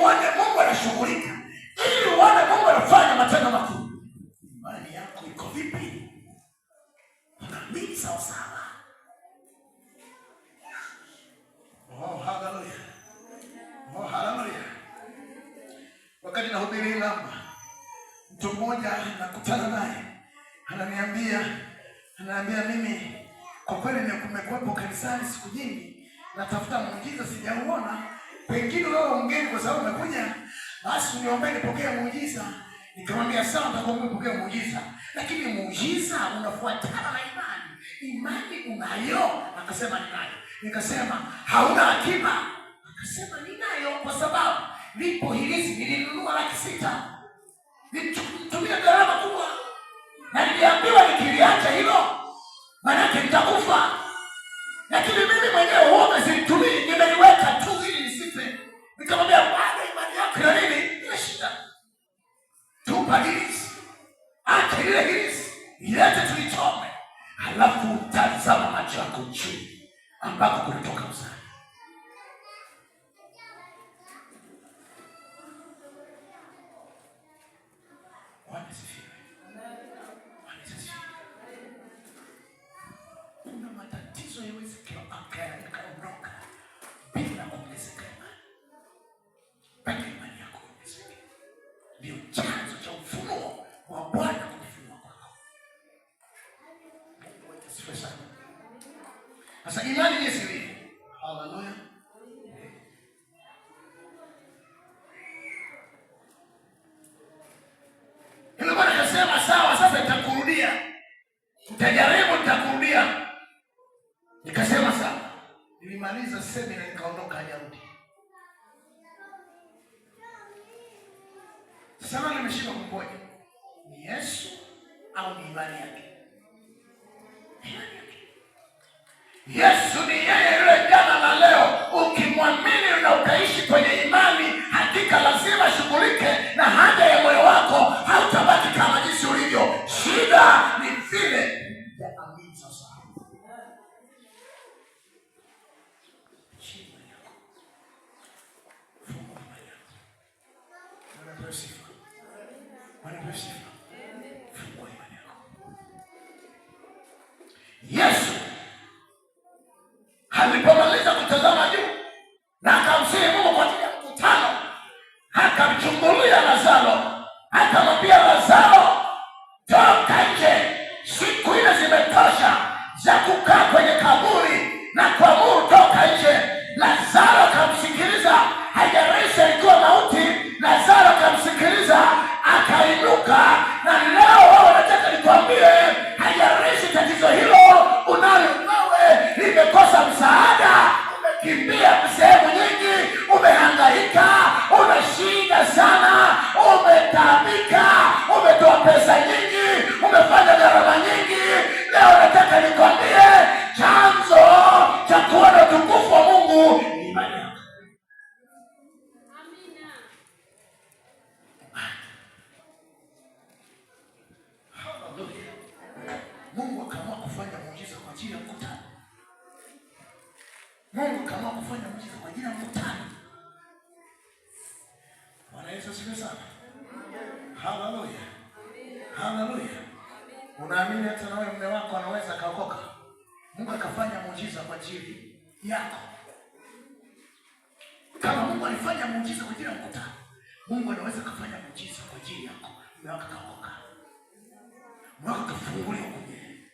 uone Mungu anashughulika, ili uone Mungu anafanya matendo makuu. Imani yako iko vipi? Unaamini sawasawa? Oh, haleluya! Oh, haleluya! Wakati nahubiri namba, mtu mmoja nakutana naye ananiambia, ananiambia mimi kwa kweli nimekuwepo kanisani siku nyingi, natafuta muujiza sijauona wengine wewe mgeni, kwa sababu nakuja basi uniombee nipokee muujiza. Nikamwambia sawa, nitakuombea nipokee muujiza, lakini muujiza unafuatana na imani. Imani unayo? Akasema ninayo. Nikasema hauna akiba? Akasema ninayo, kwa sababu lipo hilizi nilinunua laki sita, nitumia gharama kubwa, na niliambiwa nikiliacha hilo maanake nitakufa, lakini mimi mwenyewe uoga zilitu ubadilisi, acha ile hilisi ilete tulichome, halafu tazama macho yako chini ambako kulitoka mzani. Kuna matatizo yawezi kuondoka bila kuongezeka. Yesu ni yeye yule jana na leo. Ukimwamini na ukaishi kwenye imani, hakika lazima shughulike na haja ya moyo wako, hautabaki kama jinsi ulivyo. Shida some side. Mungu kama kufanya mjiza kwa jina mvutano. Bwana Yesu asifiwe sana. Haleluya. Haleluya. Unaamini hata nawe mume wako anaweza kaokoka? Mungu akafanya muujiza kwa ajili yako. Kama Mungu alifanya muujiza kwa ajili ya mkutano, Mungu anaweza kufanya muujiza kwa ajili yako. Mume wako kaokoka. Mume wako kafunguliwa kwenye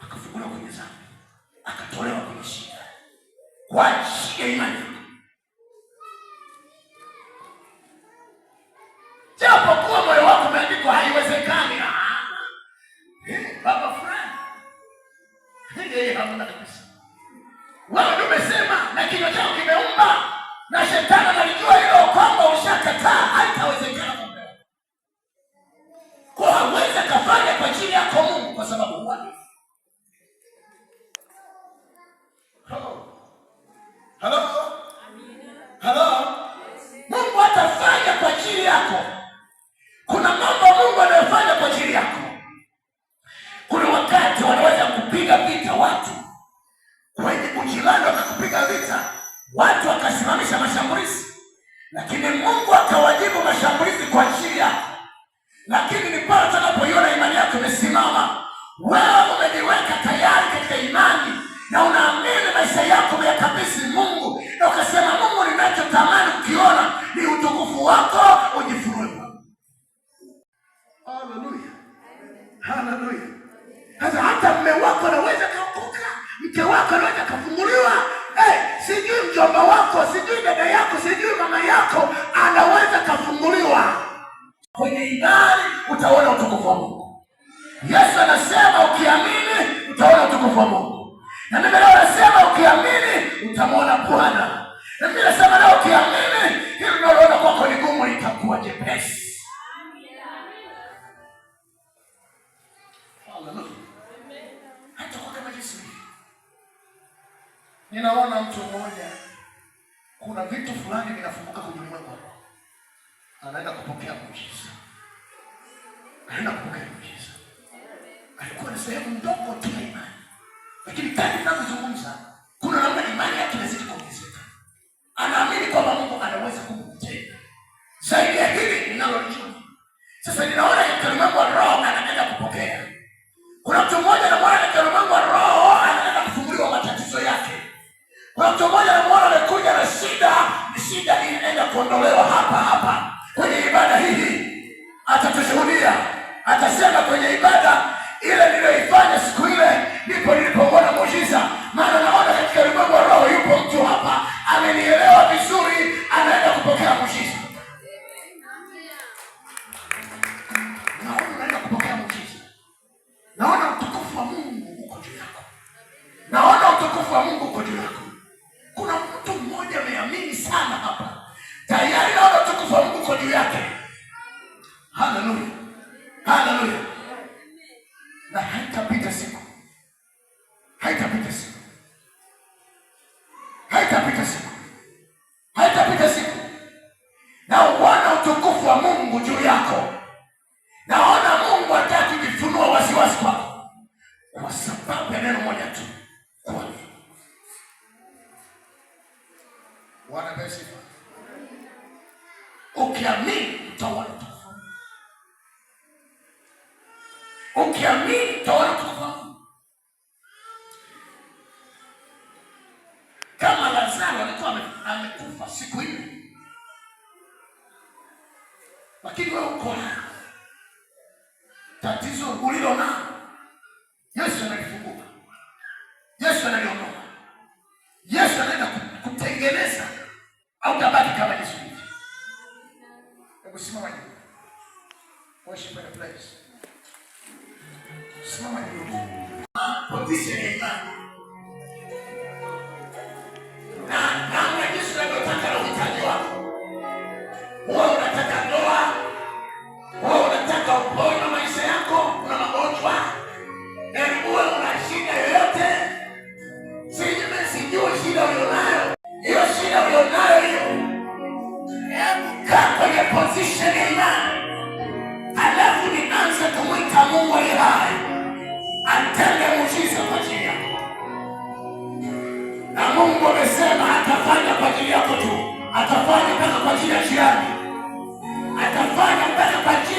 akafunguliwa kwenye dhambi. Akatolewa kwenye shida. What's in ujirani wakakupiga vita, watu wakasimamisha mashambulizi, lakini Mungu akawajibu mashambulizi kwa njia. Lakini ni pale utakapoiona imani yako imesimama, wewe umejiweka tayari katika imani na unaamini maisha yako wako anaweza Hey, sijui mjomba wako, sijui dada yako, sijui mama yako anaweza kafunguliwa. Kwenye ibada utaona utukufu wa Mungu. Yesu anasema ukiamini utaona utukufu wa Mungu, na mimi leo nasema ukiamini utamwona Bwana, na mimi nasema leo ukiamini hilo unaloona kwako ni gumu litakuwa jepesi. ninaona mtu mmoja, kuna vitu fulani vinafunguka kwenye mwengo, anaenda kupokea muujiza, anaenda kupokea muujiza. Alikuwa ni sehemu ndogo tu ya imani, lakini kadri ninavyozungumza, kuna namna imani yake inazidi kuongezeka, anaamini kwamba Mungu anaweza kumtenda zaidi ya hili ninalojua sasa. Ninaona kalimambo roho moja tu. pesa. Ukiamini utaona tofauti. Ukiamini utaona tofauti. Kama Lazaro alikuwa amekufa siku hiyo, lakini wewe uko Ότι σε kwa ajili yako tu, atafanya kazi kwa ajili ya jirani, atafanya kazi kwa ajili